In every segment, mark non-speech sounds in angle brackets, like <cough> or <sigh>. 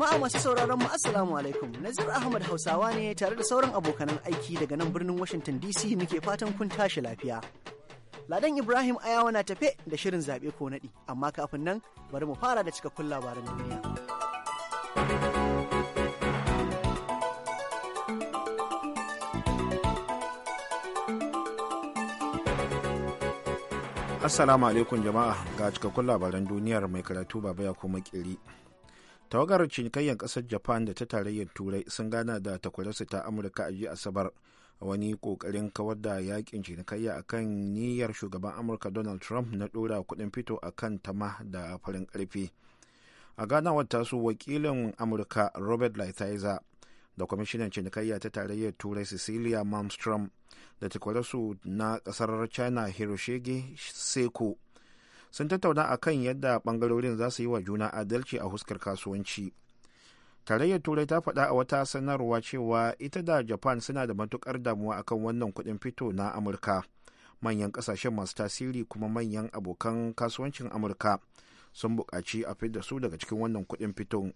Jama'a masu sauraron mu Assalamu alaikum. Nazir Ahmad Hausawa ne tare da sauran abokanan aiki daga nan birnin Washington DC muke fatan kun tashi lafiya. Ladan Ibrahim Ayawa na tafe da shirin zaɓe ko naɗi, amma kafin nan bari mu fara da cikakkun labaran duniya. Assalamu alaikum jama'a ga cikakkun labaran duniyar mai karatu baba ya kuma kiri. tawagar cinikayyar kasar japan da ta tarayyar turai sun gana da takwararsu ta amurka a jiya asabar a wani kokarin kawar da yakin cinikayya a kan niyyar shugaban amurka donald trump na dora kudin fito a kan tama da farin karfi a ganawar tasu wakilin amurka robert lighthizer da kwamishinan cinikayya ta tarayyar turai cecilia malmstrom da takwararsu na kasar china hiroshige seko sun tattauna a kan yadda bangarorin za su yi wa juna adalci a huskar kasuwanci tarayyar turai ta faɗa a wata sanarwa cewa ita da japan suna da matukar damuwa akan wannan kuɗin fito na amurka manyan ƙasashen masu tasiri kuma manyan abokan kasuwancin amurka sun buƙaci a fidda su daga cikin wannan kuɗin fito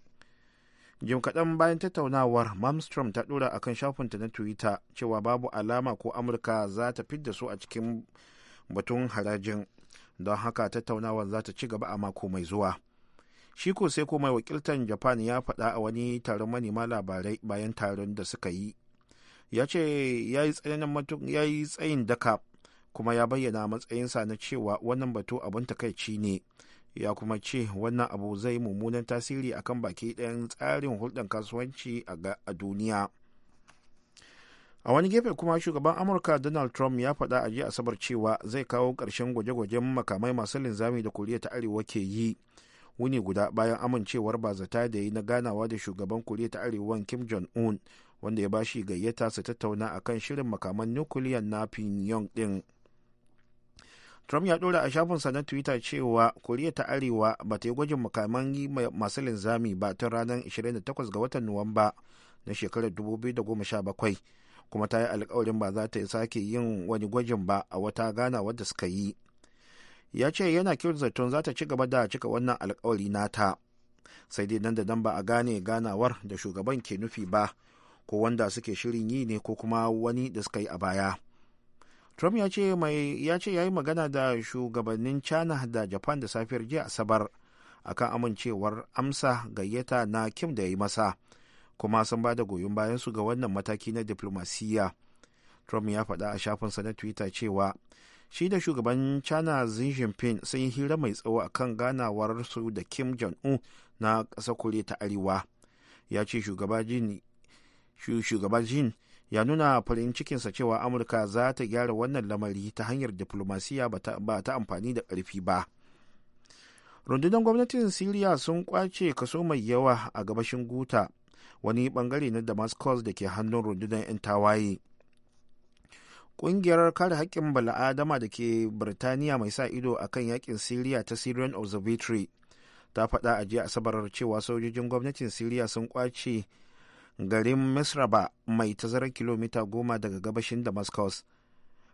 jim kaɗan bayan tattaunawar mamstrom ta ɗora akan shafinta na twitter cewa babu alama ko amurka za ta fidda su a cikin batun harajin don haka tattaunawar za ta ci gaba a mako mai zuwa shi ko sai ko mai wakiltan japan ya faɗa a wani taron manema labarai bayan taron da suka yi ya ce ya yi tsayin daka kuma ya bayyana matsayinsa na cewa wannan batu abin takaici ne ya kuma ce wannan abu zai mummunan tasiri akan baki ɗayan tsarin hulɗar kasuwanci a duniya. a wani gefe kuma shugaban amurka donald trump ya faɗa a jiya asabar cewa zai kawo ƙarshen gwaje-gwajen makamai masu linzami da koriya ta arewa ke yi wuni guda bayan amincewar bazata da yi na ganawa da shugaban koriya ta arewa kim jong-un wanda ya bashi gayyata su tattauna kan shirin makaman nukiliyan na pyongyang din trump ya ɗora a shafinsa na twitter cewa koriya ta arewa ba ta yi gwajin makaman masu linzami ba tun ranar 28 ga watan nuwamba na shekarar 2017 kuma ta yi alkawarin ba za ta sake yin wani gwajin ba a wata gana wadda suka yi ya ce yana kyautar zaton za ta ci gaba da cika wannan alkawari nata sai dai nan da nan ba a gane ganawar da shugaban ke nufi ba ko wanda suke shirin yi ne ko kuma wani da suka yi a baya trump ya ce ya yi magana da shugabannin china da japan da safiyar jiya asabar akan amincewar amsa gayyata na kim da ya yi masa kuma sun ba da goyon bayansu ga wannan mataki na diplomasiyya trump ya faɗa a shafinsa na twitter cewa shi da shugaban china xi jinping sun yi hira mai tsawo a kan ganawar su da kim jong-un na ƙasa kure ta arewa ya ce shugaba jin ya nuna farin cikinsa cewa amurka za ta gyara wannan lamari ta hanyar diplomasiya ba ta amfani da ƙarfi ba rundunar gwamnatin siriya sun kwace kaso mai yawa a gabashin guta wani bangare na damascus da ke hannun rundunar 'yan tawaye kungiyar kare haƙƙin bala'adama da ke birtaniya mai sa ido a kan yaƙin siriya ta syrian observatory ta faɗa a jiya asabar cewa sojojin gwamnatin siriya sun kwace garin misraba mai tazarar kilomita goma daga gabashin damascus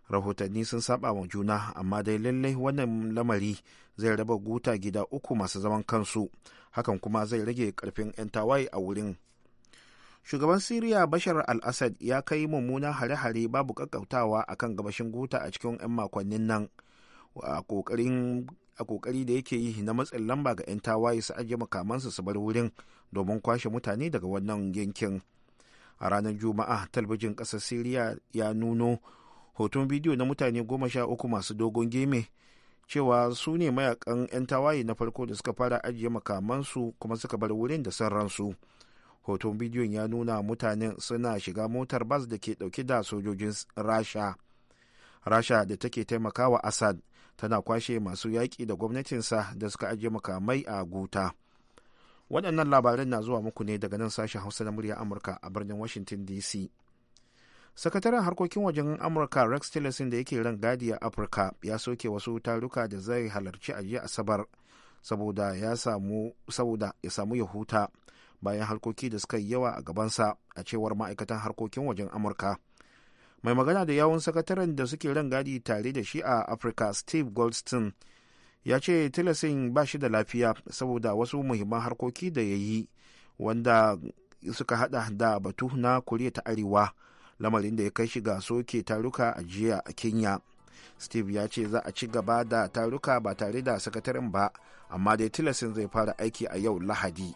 rahotanni sun saba wa juna amma dai lallai wannan lamari zai raba guta gida uku masu zaman kansu hakan kuma zai rage karfin 'yan tawaye a wurin shugaban siriya bashar al-assad ya kai mummunan hare-hare babu kakkautawa a kan gabashin guta a cikin 'yan makonnin nan a kokari da yake yi na matsin lamba ga 'yan tawaye su ajiye makamansu su bar wurin domin kwashe mutane daga wannan yankin a ranar juma'a talbijin ƙasar siriya ya nuno hoton bidiyo na mutane goma sha uku masu dogon geme cewa su ne mayakan 'yan tawaye na farko da suka fara ajiye makamansu kuma suka bar wurin da san ransu. hoton bidiyon ya nuna mutanen suna shiga motar bas da ke dauke da sojojin rasha rasha da take taimakawa assad tana kwashe masu yaƙi da gwamnatinsa da suka ajiye makamai a guta waɗannan labaran na zuwa muku ne daga nan sashen hausa na murya amurka a birnin washington dc sakataren harkokin wajen amurka rex tillerson da yake ran gadi a afirka ya soke wasu taruka da zai halarci a jiya asabar saboda ya samu ya huta bayan harkoki da suka yi yawa a gabansa a cewar ma'aikatan harkokin wajen amurka mai magana da yawon sakataren da suke rangadi tare da shi a afirka steve goldstein ya ce tilasin ba shi da lafiya saboda wasu muhimman harkoki da ya yi wanda suka hada da batu na koriya ta arewa lamarin da ya kai shi ga soke taruka a jiya a kenya steve ya ce za a ci gaba da taruka ba tare da sakataren ba amma dai tilasin zai fara aiki a yau lahadi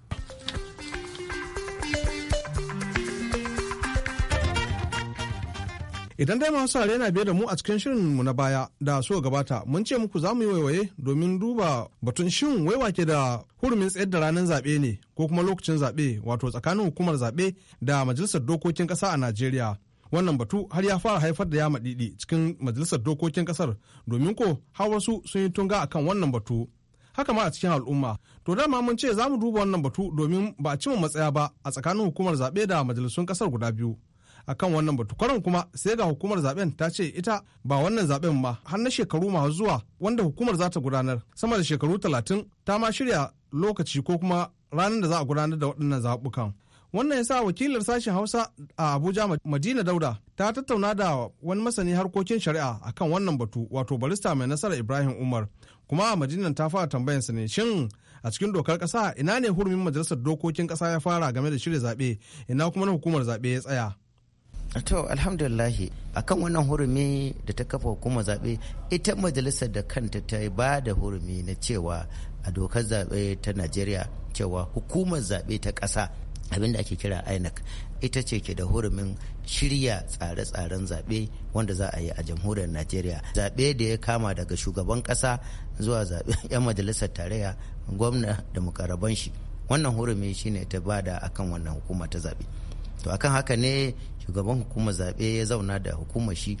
Idan dai masu sauraro yana biye da mu a cikin shirin mu na baya da so gabata mun ce muku za mu yi waiwaye domin duba batun shin waiwa ke da hurumin tsayar da ranar zaɓe ne ko kuma lokacin zaɓe wato tsakanin hukumar zaɓe da majalisar dokokin ƙasa a Najeriya. Wannan batu har ya fara haifar da yama ɗiɗi cikin majalisar dokokin ƙasar domin ko har wasu sun yi tunga a kan wannan batu. haka ma a cikin al'umma to dama mun ce za mu duba wannan batu domin ba a cima matsaya ba a tsakanin hukumar zaɓe da majalisun ƙasar guda biyu a kan wannan batu kwaran kuma sai ga hukumar zaben ta ce ita ba wannan zaben ba har na shekaru masu zuwa wanda hukumar za ta gudanar sama da shekaru talatin ta ma shirya lokaci ko kuma ranar da za a gudanar da waɗannan zaɓukan wannan ya sa wakilar sashen hausa a abuja madina dauda ta tattauna da wani masani harkokin shari'a akan wannan batu wato barista mai nasara ibrahim umar kuma a madinan ta fara tambayan sa ne shin a cikin dokar kasa ina ne hurumin majalisar dokokin kasa ya fara game da shirya zaɓe ina kuma na hukumar zaɓe ya tsaya to alhamdulillahi akan wannan hurumi da ta kafa hukumar zaɓe ita majalisar da kanta ta ba da hurumi na cewa a dokar zaɓe ta najeriya cewa hukumar zaɓe ta ƙasa abinda ake kira inec ita ce ke da hurumin shirya tsare-tsaren zaɓe wanda za a yi a jamhuriyar najeriya zaɓe da ya kama daga shugaban ƙasa zuwa zaɓe <laughs> 'yan majalisar tarayya gwamna da mukarraban shi wannan hurumi shine ta bada akan wannan hukuma ta zaɓe to akan haka ne shugaban hukumar zaɓe ya zauna da hukumar shi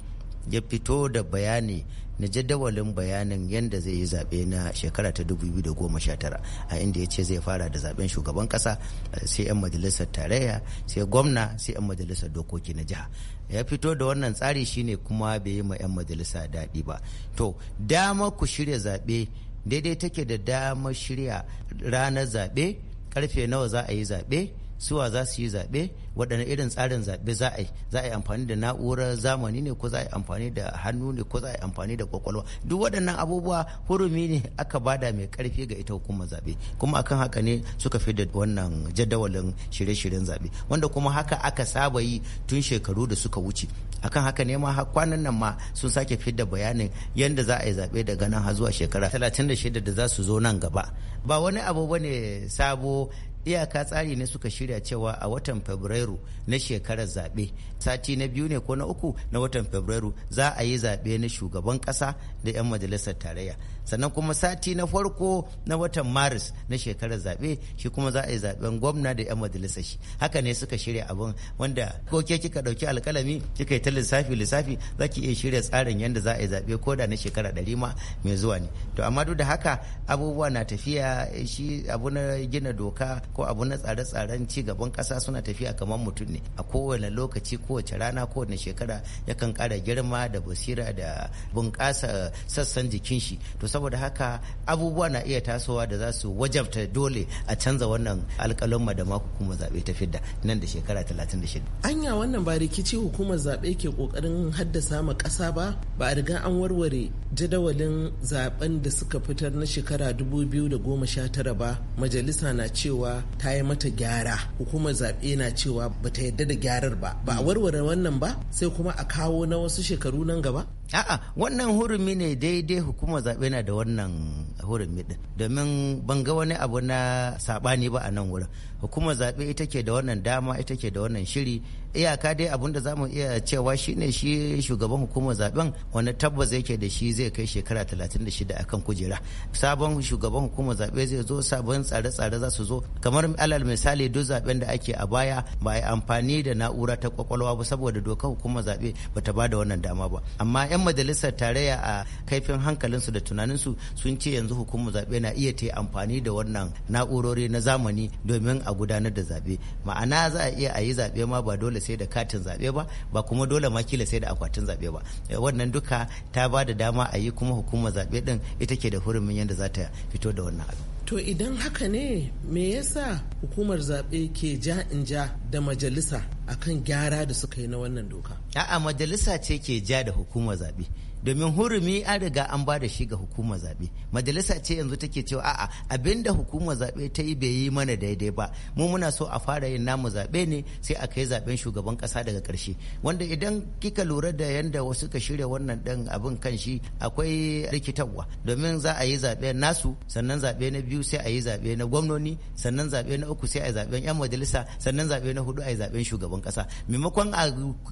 ya fito da bayani na jadawalin bayanin yadda zai yi zaɓe na shekara ta 2019 a inda ya ce zai fara da zaɓen shugaban ƙasa sai 'yan majalisar tarayya sai gwamna sai 'yan majalisar dokoki na jiha ya fito da wannan tsari shine kuma bai yi ma 'yan majalisa daɗi ba to dama ku shirya zaɓe daidai take da dama shirya ranar zaɓe karfe nawa za a yi zaɓe suwa za su yi zaɓe waɗanne irin tsarin zaɓe za a yi za a yi amfani da na'urar zamani ne ko za a yi amfani da hannu ne ko za a yi amfani da kwakwalwa duk waɗannan abubuwa hurumi ne aka bada mai ƙarfi ga ita hukumar zaɓe kuma akan haka ne suka fi da wannan jadawalin shirye-shiryen zaɓe wanda kuma haka aka saba yi tun shekaru da suka wuce akan haka ne ma kwanan nan ma sun sake fidda bayanin yadda za a yi zaɓe daga nan har zuwa shekara 36 da za su zo nan gaba ba wani abu bane sabo iyaka tsari ne suka shirya cewa a watan fabrairu na shekarar zaɓe sati na biyu ne ko na uku na watan fabrairu za a yi zaɓe na shugaban ƙasa da 'yan majalisar tarayya sannan kuma sati na farko na watan maris na shekarar zaɓe shi kuma za a yi zaɓen gwamna da 'yan majalisar shi haka ne suka shirya abin wanda ko ke kika ɗauki alkalami kika yi ta lissafi lissafi za ki iya shirya tsarin yadda za a yi zaɓe ko da na shekara ɗari ma mai zuwa ne to amma duk da haka abubuwa na tafiya shi abu na gina doka ko abu na tsare-tsaren ci gaban ƙasa suna tafiya kamar mutum ne a kowane lokaci kowace rana kowane shekara yakan ƙara girma da basira da bunƙasa sassan jikin shi to saboda haka abubuwa na iya tasowa da za su wajabta dole a canza wannan alƙalin da ma hukumar zaɓe ta fidda nan da shekara 36 anya wannan ba rikici hukumar zaɓe ke ƙoƙarin haddasa ma ƙasa ba ba a riga an warware jadawalin zaɓen da suka fitar na shekara 2019 ba majalisa na cewa ta yi mata gyara hukumar zaɓe na cewa ba ta yadda da gyarar ba ba a warware wannan ba sai kuma a kawo na wasu shekaru nan gaba a'a wannan hurumi ne daidai hukumar zaɓe na da wannan hurumi midin domin ban ga wani abu na sabani ba a nan wurin hukumar zaɓe ita ke da wannan dama ita ke da wannan shiri iyaka dai abun da za mu iya cewa shine shi shugaban hukumar zaben wani tabbas yake da shi zai kai shekara 36 akan kujera sabon shugaban hukumar zaɓe zai zo sabon tsare-tsare za su zo kamar alal misali duk zaɓen da ake a baya ba a amfani da na'ura ta kwakwalwa ba saboda dokar hukumar zaɓe ba ta ba da wannan dama ba amma 'yan majalisar tarayya a kaifin hankalinsu da tunaninsu sun ce yanzu yanzu hukumar zaɓe na iya ta amfani da wannan na'urori na zamani domin a gudanar da zaɓe ma'ana za a iya a yi zaɓe ma ba dole sai da katin zaɓe ba ba kuma dole ma kila sai da akwatin zaɓe ba eh, wannan duka ta ba da dama a yi kuma hukumar zaɓe din ita ke da hurumin yadda za ta fito da wannan abu To idan haka ne me yasa hukumar zaɓe ke ja in ja da majalisa akan gyara da suka yi na wannan doka? A'a majalisa ce ke ja da hukumar zaɓe. domin hurumi an riga an ba da shi ga hukumar zabe majalisa ce yanzu take cewa a'a abinda hukumar zabe ta yi bai yi mana daidai ba mu muna so a fara yin namu zaɓe ne sai a kai zaɓen shugaban kasa daga karshe wanda idan kika lura da yanda wasu ka shirya wannan ɗan abin kan shi akwai rikitarwa domin za a yi zaɓe nasu sannan zaɓe na biyu sai a yi zaɓe na gwamnoni sannan zaɓe na uku sai a yi zaɓen 'yan majalisa sannan zaɓe na hudu a yi zaɓen shugaban ƙasa maimakon a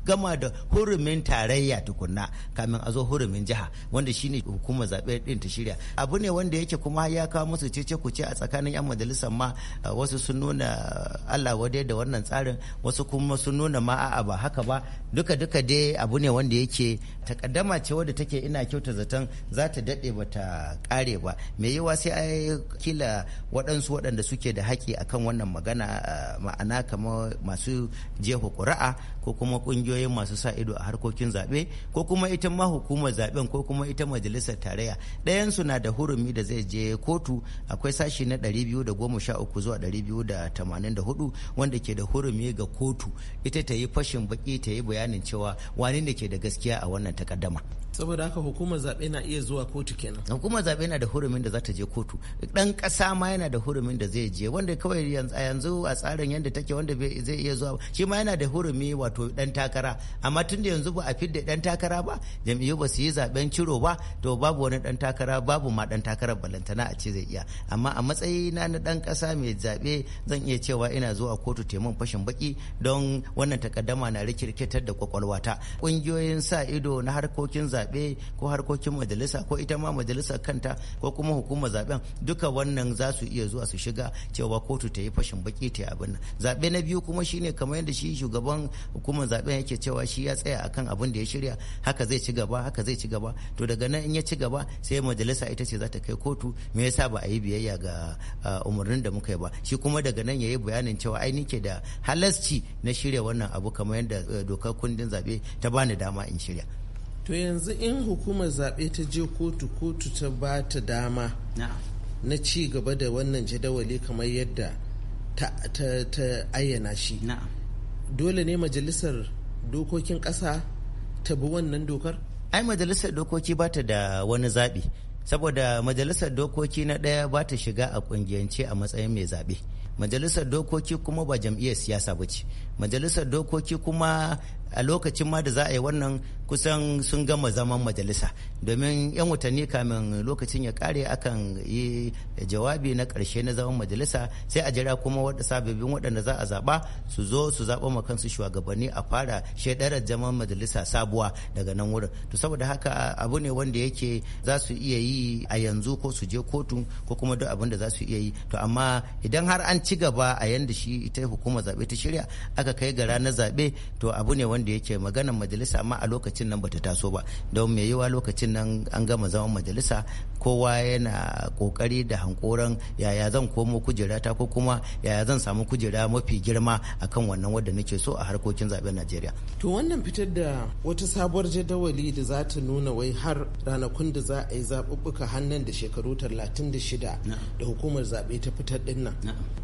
gama da hurumin tarayya tukunna kamin a zo hurumin jiha wanda shine hukumar zaɓe ɗin ta shirya abu ne wanda yake kuma ya kawo musu cece kuce a tsakanin yan majalisar ma wasu sun nuna Allah wadai da wannan tsarin wasu kuma sun nuna ma a'a ba haka ba duka duka dai abu ne wanda yake takaddama ce wadda take ina kyauta zaton za ta daɗe ba ta ƙare ba mai yiwa sai a kila waɗansu waɗanda suke da haƙƙi akan wannan magana ma'ana kamar masu jefa ƙuri'a ko kuma ƙungiyoyin masu sa ido a harkokin zaɓe ko kuma ita ma hukumar zaben ko kuma ita majalisar tarayya ɗayan su na da hurumi da zai je kotu akwai sashi na 213 zuwa 284 wanda ke da hurumi ga kotu ita ta yi fashin baki ta yi bayanin cewa wani ne ke da gaskiya a wannan takaddama saboda haka hukumar zaɓe na iya zuwa kotu kenan hukumar zaɓe na da hurumin da za ta je kotu ɗan ƙasa ma yana da hurumin da zai je wanda kawai yanzu a tsarin yadda take wanda zai iya zuwa shi ma yana da hurumi wato ɗan takara amma tun da yanzu ba a fidda ɗan takara ba jam'iyyu ba su su yi zaben ciro ba to babu wani dan takara babu ma dan takara balantana a ce zai iya amma a matsayi na na dan kasa mai zabe zan iya cewa ina zuwa kotu taimakon fashin baki don wannan takaddama na rikirkitar da kwakwalwata kungiyoyin sa ido na harkokin zabe ko harkokin majalisa ko ita ma majalisa kanta ko kuma hukumar zaben duka wannan za su iya zuwa su shiga cewa kotu ta yi fashin baki ta abin nan zabe na biyu kuma shine kamar yadda shi shugaban hukumar zaben yake cewa shi ya tsaya akan abin da ya shirya haka zai ci gaba haka zai ci gaba to daga nan in ya ci gaba sai majalisa ita ce za ta kai kotu me yasa ba a yi biyayya ga umarnin da muka yi ba shi kuma daga nan yi bayanin cewa ai nike da halasci na shirya wannan abu kamar yadda e, dokar kundin zabe ta bani dama in shirya to yanzu in hukumar zaɓe ta je kotu kotu ta ba ta dama na ci gaba da wannan jadawali kamar yadda ta, ayyana shi dole ne majalisar dokokin ƙasa ta bi wannan dokar ai majalisar dokoki ba ta da wani zaɓi saboda majalisar dokoki na ɗaya ba ta shiga a ƙungiyance a matsayin mai zaɓe majalisar dokoki kuma ba jam'iyyar siyasa ba ce majalisar dokoki kuma a lokacin ma da za a yi wannan kusan sun gama zaman majalisa domin yan watanni kamin lokacin ya kare akan yi jawabi na karshe na zaman majalisa sai a jira kuma wadda sababbin waɗanda za a zaɓa su zo su zaɓa ma kansu shugabanni a fara shaidarar zaman majalisa sabuwa daga nan wurin to saboda haka abu ne wanda yake za su iya yi a yanzu ko su je kotu ko kuma duk abin da za su iya yi to amma idan har an ci gaba a yanda shi ita hukumar zaɓe ta shirya aka kai ga ranar zaɓe to abu ne wanda yake maganar majalisa amma a lokacin nan bata taso ba don mai yiwa lokacin lokacin nan an gama zaman majalisa kowa yana kokari da hankoran yaya zan komo kujera ta ko kuma yaya zan samu kujera mafi girma akan wannan wadda nake so a harkokin zaben najeriya to wannan fitar da wata sabuwar jadawali da za ta nuna wai har ranakun da za a yi zaɓuɓɓuka hannun da shekaru 36 da shida da hukumar zaɓe ta fitar ɗin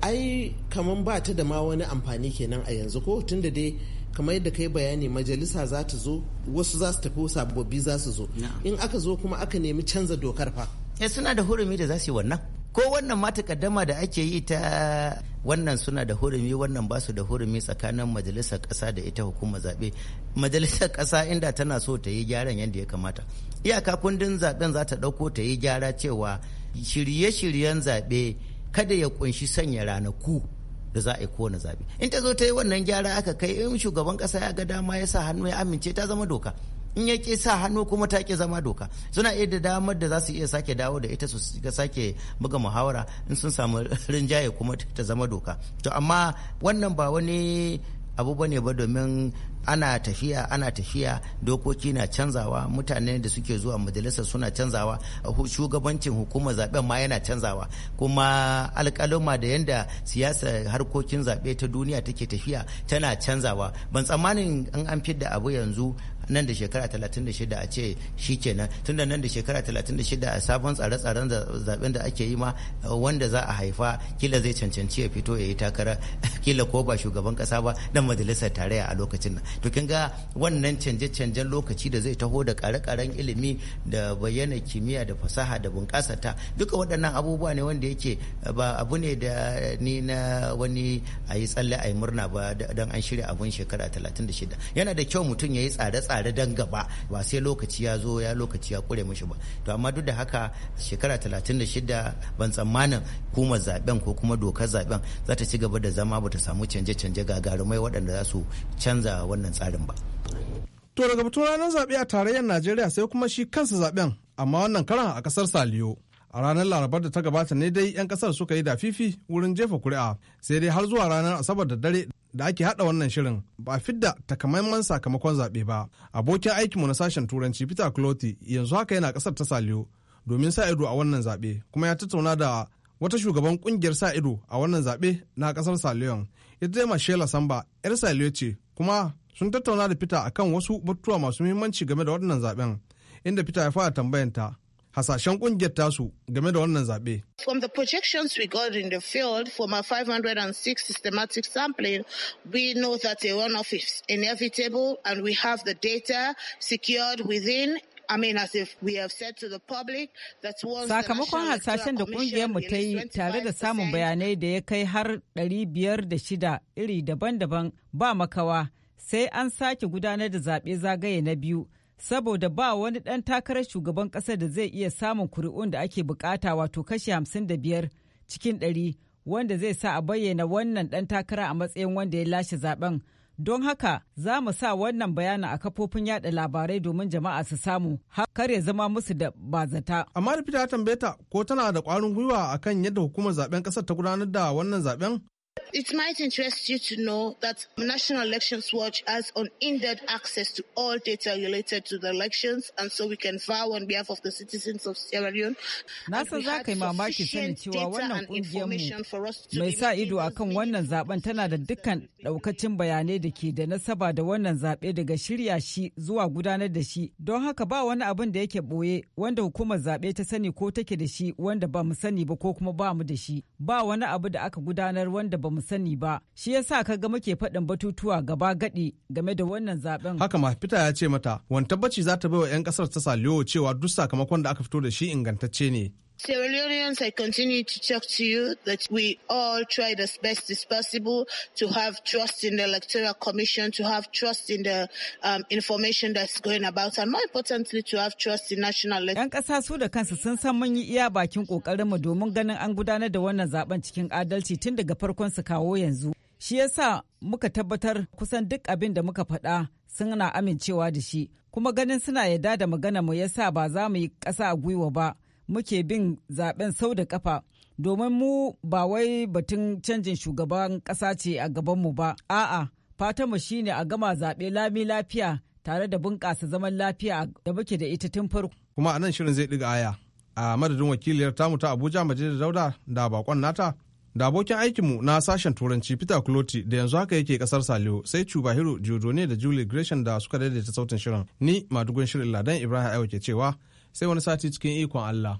ai kamar ba ta da ma wani amfani kenan a yanzu ko tunda dai kamar yadda kai bayani majalisa za ta zo wasu za su tafi sababbi za su zo in aka zo kuma aka nemi canza dokar fa ya eh, suna da hurumi da za su yi wannan ko wannan ma takaddama da ake yi ta wannan suna da hurumi wannan ba su da hurumi tsakanin majalisar ƙasa da ita hukumar zaɓe majalisar ƙasa inda tana so ta yi gyaran yadda ya kamata iyaka kundin zaɓen za ta ɗauko ta yi gyara cewa shirye-shiryen zaɓe kada ya ƙunshi sanya ranaku da za a yi kowane zabe in ta zo ta yi wannan gyara aka kai in shugaban kasa ya ga dama ya sa hannu ya amince ta zama doka in ya ke sa hannu kuma ta ke zama doka suna iya da damar da za su iya sake dawo da ita su sake buga muhawara in sun samu <laughs> rinjaye kuma ta zama doka to amma wannan ba wani abu ba ne ba domin ana tafiya ana tafiya dokoki na canzawa mutane da suke zuwa majalisa suna canzawa shugabancin hukumar zaben ma yana canzawa kuma alkaloma da yadda siyasa harkokin zaɓe ta duniya take tafiya tana canzawa ban tsammanin an an da abu yanzu nan da shekara 36 a ce shi kenan tunda nan da shekara 36 a sabon tsare-tsaren zaben da ake yi ma wanda za a haifa kila zai cancanci ya fito ya yi takara <laughs> kila ko ba shugaban kasa ba dan majalisar tarayya a lokacin nan to kin ga wannan canje-canjen lokaci da zai taho da kare-karen ilimi da bayyana kimiyya da fasaha da bunƙasa ta duka waɗannan abubuwa ne wanda yake ba abu ne da ni na wani a yi tsalle a yi murna ba don an shirya abun shekara 36 yana da kyau mutum ya yi tsare-tsare don gaba ba sai lokaci ya zo ya lokaci ya kure mushi ba to amma duk da haka shekara 36 ban tsammanin hukumar zaben ko kuma dokar zaben za ta ci gaba da zama ba ta samu canje-canje gagarumai waɗanda za su canza wannan wannan tsarin ba. To daga batun ranar zaɓe a tarayyar Najeriya sai kuma shi kansa zaɓen amma wannan karan a ƙasar Saliyo. A ranar Larabar da ta gabata ne dai 'yan ƙasar suka yi da fifi wurin jefa kuri'a sai dai har zuwa ranar Asabar da dare da ake haɗa wannan shirin ba a fidda takamaiman sakamakon zaɓe ba. Abokin aikinmu na sashen Turanci Peter Clothy yanzu haka yana ƙasar ta Saliyo domin sa ido a wannan zaɓe kuma ya tattauna da wata shugaban kungiyar sa ido a wannan zaɓe na ƙasar Saliyon ita dai mashela Samba 'yar Saliyo ce kuma sun tattauna da Peter akan wasu batutuwa masu muhimmanci game da wannan zaben inda Peter ya fara tambayanta hasashen kungiyar tasu game da wannan zaɓe. From the projections we got in the field from our 506 systematic sampling, we know that a runoff is inevitable and we have the data secured within I mean, as if we have said to the public that once Sakamakon hasashen da kungiyar mu ta yi tare da samun bayanai da ya kai har 506 iri daban-daban ba makawa. sai an sake gudanar da zaɓe zagaye na biyu saboda ba wani ɗan takarar shugaban ƙasar da zai iya samun kuri'un da ake bukata wato kashi hamsin da biyar cikin ɗari wanda zai sa a bayyana wannan ɗan takara a matsayin wanda ya lashe zaben don haka za mu sa wannan bayanin a kafofin yada labarai domin jama'a su samu har ya zama musu da bazata. Amma da fita tambaye ta ko tana da kwarin gwiwa akan yadda hukumar zaben kasar ta gudanar da wannan zaben It might interest you to know that National Elections Watch has unhindered access to all data related to the elections and so we can vow on behalf of the citizens of Sierra Leone. Na za ka yi mamaki sani cewa wannan mu mai sa ido akan wannan zaben tana da dukkan daukacin bayanai da ke da nasaba da wannan zaɓe daga shirya shi zuwa gudanar da shi don haka ba wani abin da yake ɓoye wanda hukumar zaɓe ta sani ko take da shi wanda ba mu sani ba ko kuma ba mu da shi ba wani abu da aka gudanar wanda ba mu sani ba shi yasa ka ga muke faɗin batutuwa gaba gadi game da wannan zaben haka ma fita ya ce mata wani tabbaci za ta bai wa 'yan kasar ta sa cewa duk sakamakon da aka fito da shi ingantacce ne Sierra Leoneans, I continue to talk to you that we all tried as best as possible to have trust in the Electoral Commission, to have trust in the um, information that's going about, and more importantly, to have trust in national Yan ƙasa su da kansu sun san mun yi iya bakin ƙoƙarinmu domin ganin an gudanar da wannan zaben cikin adalci tun daga farkon su kawo yanzu. Shi yasa muka tabbatar kusan duk abin da muka faɗa suna amincewa da shi, kuma ganin suna yarda da magana mu yasa ba za mu yi kasa a gwiwa ba. muke bin zaben sau da kafa domin mu ba wai batun canjin shugaban ƙasa ce a gabanmu ba a'a fatanmu shine a gama zaɓe lami lafiya tare da bunƙasa zaman lafiya da muke da ita tun farko kuma anan shirin zai ɗiga aya a madadin wakiliyar tamu ta abuja majalisar dauda da bakon nata da abokin aikinmu na sashen turanci peter kuloti da yanzu haka yake kasar saliyo sai cubahiro jodo ne da julie gresham da suka daidaita sautin shirin ni madugun shirin ladan ibrahim ayo ke cewa sai wani sati cikin ikon Allah.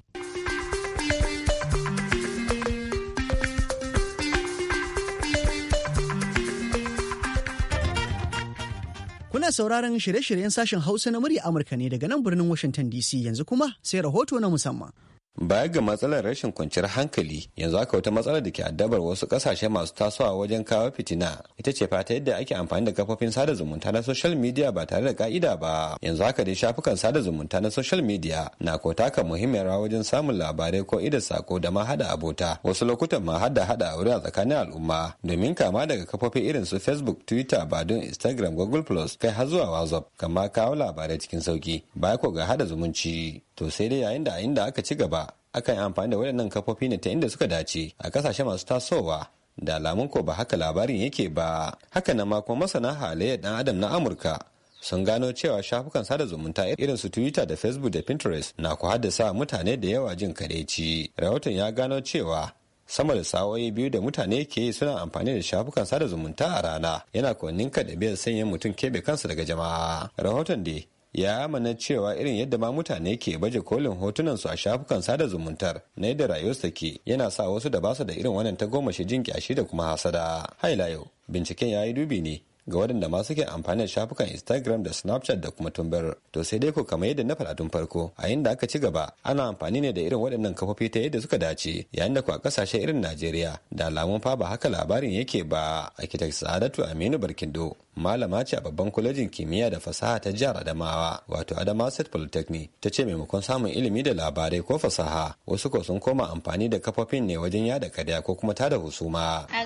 Kuna sauraron shirye-shiryen sashen Hausa na murya Amurka ne daga nan birnin Washington DC yanzu kuma sai rahoto na musamman. baya ga matsalar rashin kwanciyar hankali yanzu haka wata matsalar da ke addabar wasu kasashe masu tasowa wajen kawo fitina ita ce fata yadda ake amfani da kafofin sada zumunta na social media ba tare da ka'ida ba yanzu haka dai shafukan sada zumunta na social media na ko taka muhimmiyar rawa wajen samun labarai ko idan sako da ma hada abota wasu lokutan ma hada hada aure a tsakanin al'umma domin kama daga kafofin irin su facebook twitter ba don instagram google plus kai har zuwa whatsapp kama kawo labarai cikin sauki baya ko ga hada zumunci to sai dai yayin da a inda aka ci gaba yi amfani da waɗannan kafofi ne ta inda suka dace a kasashe masu tasowa da alamun ko ba haka labarin yake ba haka na ma kuma masana halayyar dan adam na amurka sun gano cewa shafukan sada zumunta irin su twitter da facebook da pinterest na ku haddasa mutane da yawa jin kareci rahoton ya gano cewa sama da sawoyi biyu da mutane ke yi suna amfani da shafukan sada zumunta a rana yana kuwa kaɗa da biyar sanya mutum keɓe kansa daga jama'a rahoton dai ya mana cewa irin yadda ma mutane ke baje kolin hotunan su a shafukan sada zumuntar na yadda rayuwar ke yana sa wasu da basu da irin wannan ta goma jin kyashi da kuma hasada haila yau binciken ya yi dubi ne ga waɗanda ma suke amfani da shafukan instagram da snapchat da kuma tumbar to sai dai ko kamar yadda na faɗa tun farko a yadda aka ci gaba ana amfani ne da irin waɗannan kafofi ta yadda suka dace yayin da ku ƙasashe irin najeriya da alamun fa ba haka labarin yake ba architect sa'adatu aminu barkindo malama ce a babban kwalejin kimiyya da fasaha ta jihar adamawa wato adamawa state polytechnic ta ce maimakon samun ilimi da labarai ko fasaha wasu ko sun koma amfani da kafofin ne wajen yada kadaya ko kuma tada husuma a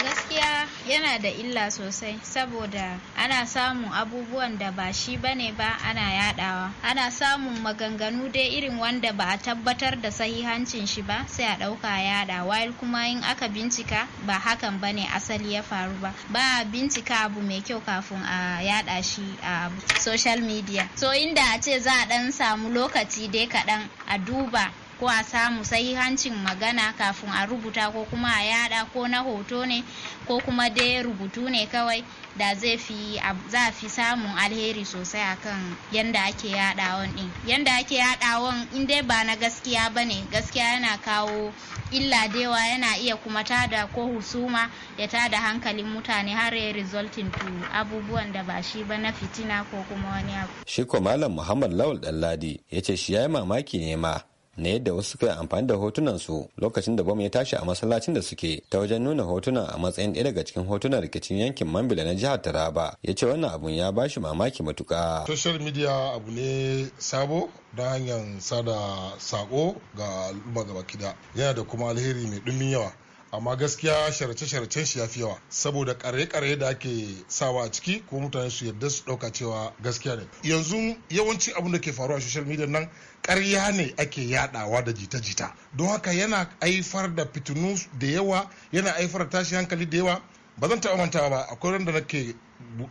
yana da illa sosai saboda ana samun abubuwan da ba shi bane ba ana yadawa ana samun maganganu dai irin wanda ba a tabbatar da sahihancin shi ba sai a dauka yada while kuma in aka bincika ba hakan bane asali ya faru ba ba bincika abu mai kyau kafin a yada shi a social media so inda a ce za a dan samu lokaci dai kaɗan a duba ko a samu sai sahihancin magana kafin a rubuta ko kuma a yada ko na hoto ne ko kuma dai rubutu ne kawai da zai fi za fi samun alheri sosai akan yanda ake yadawan din yanda ake yadawan in dai ba na gaskiya bane gaskiya yana kawo illa dewa yana iya kuma tada ko husuma ya tada hankalin mutane har ya resulting to abubuwan da ba shi ba na fitina ko kuma wani abu shi ko malam muhammad lawal dalladi ya ce shi ya yi mamaki ne ma na yadda wasu suka yi amfani da hotunan su lokacin da bom ya tashi a masallacin da suke ta wajen nuna hotuna a matsayin ɗaya daga cikin hotunan rikicin yankin Mambila na jihar Taraba ya ce wannan abun ya ba shi mamaki matuka. Social media abu ne sabo da hanyar sada sako ga al'umma gaba kida yana da kuma alheri mai ɗumin yawa amma gaskiya sharce-sharcen shi ya fi yawa saboda kare-kare da ake sawa a ciki ko mutane su yarda su ɗauka cewa gaskiya ne yanzu yawanci abin da ke faruwa a social media nan ƙarya ne ake yadawa da jita-jita don haka yana aifar da fitinu da yawa yana haifar tashi hankali da yawa ba zan taɓa mantawa ba akwai wanda da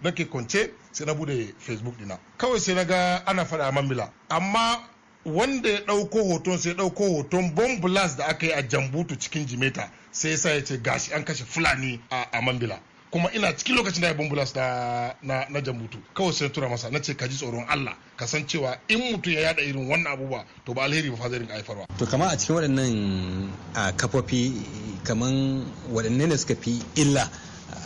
nake kwance sai na bude facebook dina kawai sai na ga ana faɗa a mamila amma wanda ya ɗauko hoton sai ɗauko hoton bomb blast da aka yi a jambutu cikin jimeta sai ya sa ya ce gashi an kashe fulani a mambila kuma ina cikin lokacin da ya bambulas na na, jambutu kawai sai tura masa na ce ka ji tsoron Allah ka san cewa in mutum ya yada irin wannan abubuwa to ba alheri ba fa zai rinka haifarwa to kama a cikin waɗannan kafofi kaman waɗanne ne suka fi illa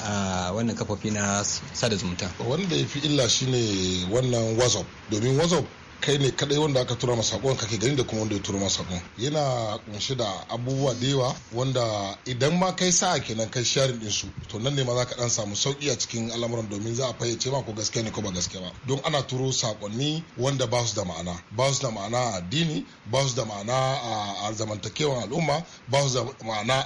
a wannan kafofi na sada zumunta wanda ya fi illa shine wannan whatsapp domin whatsapp kai ne kadai wanda aka tura masa sakon kake gani da kuma wanda ya tura masa sakon yana kunshi da abubuwa da yawa wanda idan ma kai sa'a kenan kai sharing din su to nan ne ma za ka dan samu sauki a cikin al'amuran domin za a fayyace ma ko gaskiya ne ko ba gaskiya ba don ana turo sakonni wanda ba su da ma'ana ba su da ma'ana a addini ba su da ma'ana a zamantakewan al'umma ba su da ma'ana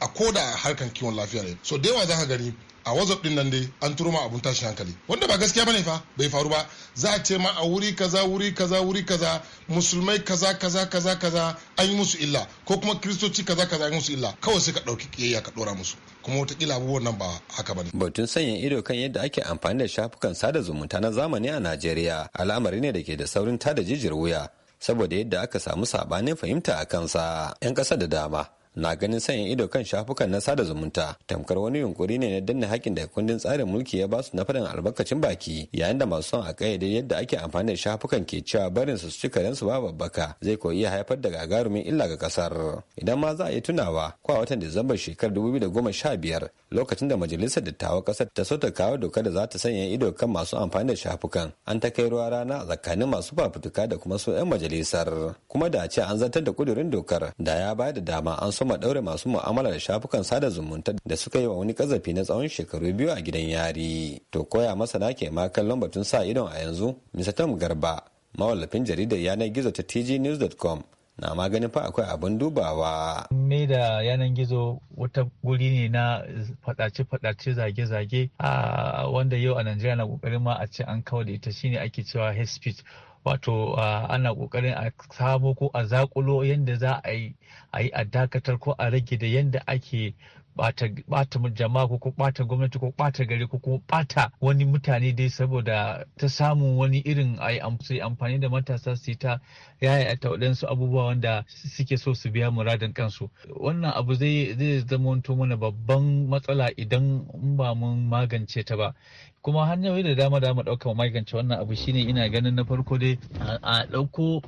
a koda harkan kiwon lafiya ne so da yawa zaka gani a wazab din nan dai an turo ma abun tashin hankali wanda ba gaskiya bane fa bai faru ba za a ce ma a wuri kaza wuri kaza wuri kaza musulmai kaza kaza kaza kaza an yi musu illa ko kuma kristoci kaza kaza an yi musu illa kawai sai ka dauki kiyayya ka dora musu kuma watakila abubuwan nan ba haka bane batun sanya ido kan yadda ake amfani da shafukan sada zumunta na zamani a Najeriya al'amari ne da ke da saurin tada jijir wuya saboda yadda aka samu sabanin fahimta a kansa 'yan kasa da dama na ganin sanya ido kan shafukan na sada zumunta tamkar wani yunkuri ne na danna haƙƙin da kundin tsarin mulki ya basu na faɗin albarkacin baki yayin da masu son a kayyade yadda ake amfani da shafukan ke cewa barin su ci su ba babbaka zai koyi iya haifar da gagarumin illa ga kasar idan ma za a yi tunawa ko a watan disambar shekarar 2015 lokacin da majalisar dattawan kasar ta so ta kawo dokar da za ta sanya ido kan masu amfani da shafukan an ta kai ruwa rana tsakanin masu fafutuka da kuma su 'yan majalisar kuma da a ce an zartar da kudurin dokar da ya bayar da dama an so kuma ɗaure masu mu'amala da shafukan sada zumunta da suka yi wa wani kazafi na tsawon shekaru biyu a gidan yari to koya masana ke ma kallon batun sa idon a yanzu mr tom garba mawallafin jaridar yanar gizo ta tgnews.com na maganin fa akwai abin dubawa. Me da yanar gizo wata guri ne na fadace-fadace zage-zage a wanda yau a Najeriya na kokarin ma a ce an kawo da ita shine ake cewa hate speech wato ana kokarin a sabo ko a zakulo yadda za a yi a dakatar ko a rage da yadda ake bata jama'a ko bata gwamnati ko bata gari ko kuma bata wani mutane dai saboda ta samu wani irin a yi amfani da matasa su ta yaya ta waɗansu abubuwa wanda suke so su biya muradin kansu wannan abu zai zama mana babban matsala idan ba mun magance ta ba kuma hanyoyi da dama da mu ɗauka magance wannan abu shine ina ganin na farko dai a ɗauko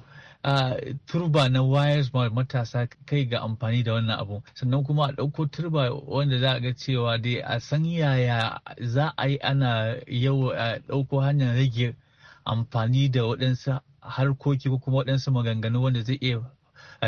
a turba na wayar ma matasa kai ga amfani da wannan abu sannan kuma a ɗauko turba wanda za a ga cewa dai a san yaya za a yi ana yau a ɗauko hanyar rage amfani da waɗansu harkoki ko kuma waɗansu maganganu wanda zai iya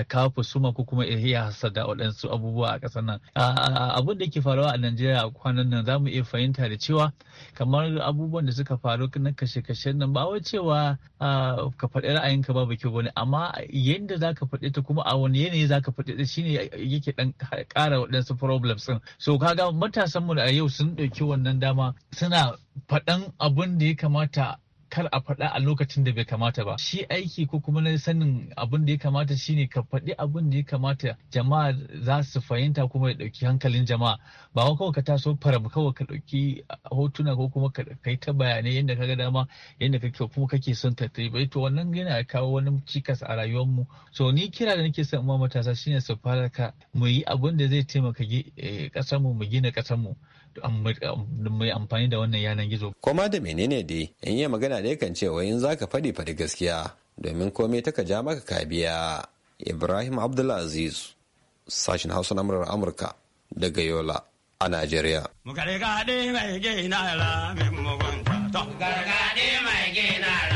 kafa suma ko kuma iya hasada waɗansu abubuwa a ƙasar nan abin da ke faruwa a najeriya a kwanan nan za mu iya fahimta da cewa kamar abubuwan da suka faru na kashe-kashen nan ba wai cewa ka faɗi ra'ayinka ba baki wani amma yadda za ka faɗi ta kuma a wani yanayi za ka faɗi ta shine yake ɗan ƙara waɗansu problems ɗin so kaga matasanmu da yau sun ɗauki wannan dama suna faɗan abin da ya kamata kar a faɗa a lokacin da bai kamata ba shi aiki ko kuma na sanin abin da ya kamata shine ka faɗi abin da ya kamata jama'a za su fahimta kuma ya ɗauki hankalin jama'a ba wa kawai ka taso faram kawai ka ɗauki hotuna ko kuma ka kai ta bayanai yadda ka ga dama yadda kake kuma kake son ka ta eh, to wannan yana kawo wani cikas a rayuwarmu so ni kira da nake son ma matasa shine su fara ka mu yi abin da zai taimaka kasarmu eh, mu gina mu mai amfani da wannan yanar gizo. Koma da menene dai in yi magana da kan ce in za ka faɗi faɗi gaskiya domin komai ta ka ja maka ka biya. Ibrahim Abdulaziz, sashen Hausa na Amurka daga Yola a Najeriya. Gargaɗe mai gina mai mugunta. Gargaɗe mai gina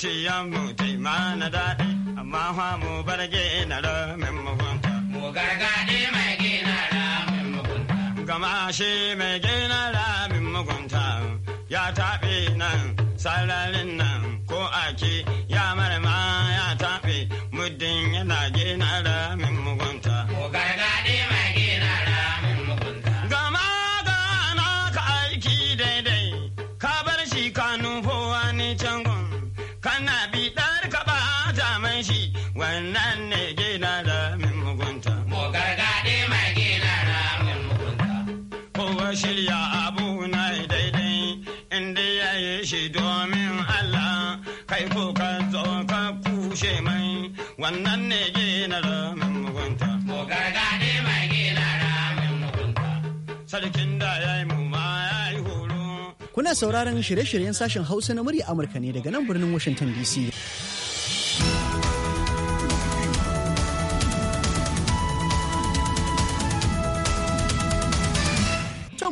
zuciyanmu ta mana daɗi amma fa mu bar gina min mugunta. Mu gargaɗi mai gina min mugunta. Gama shi mai gina min mugunta ya taɓe nan sararin nan ko ake ya ma ya taɓe muddin yana gina mugunta. Allah kai ko ka zo ka kushe mai wannan ne gina ramin mugunta. Mu gargaɗe mai gina ramin mugunta. Sarkin da ya yi mu ya yi horo. Kuna sauraron shirye-shiryen sashen Hausa na murya Amurka ne daga nan birnin Washington DC.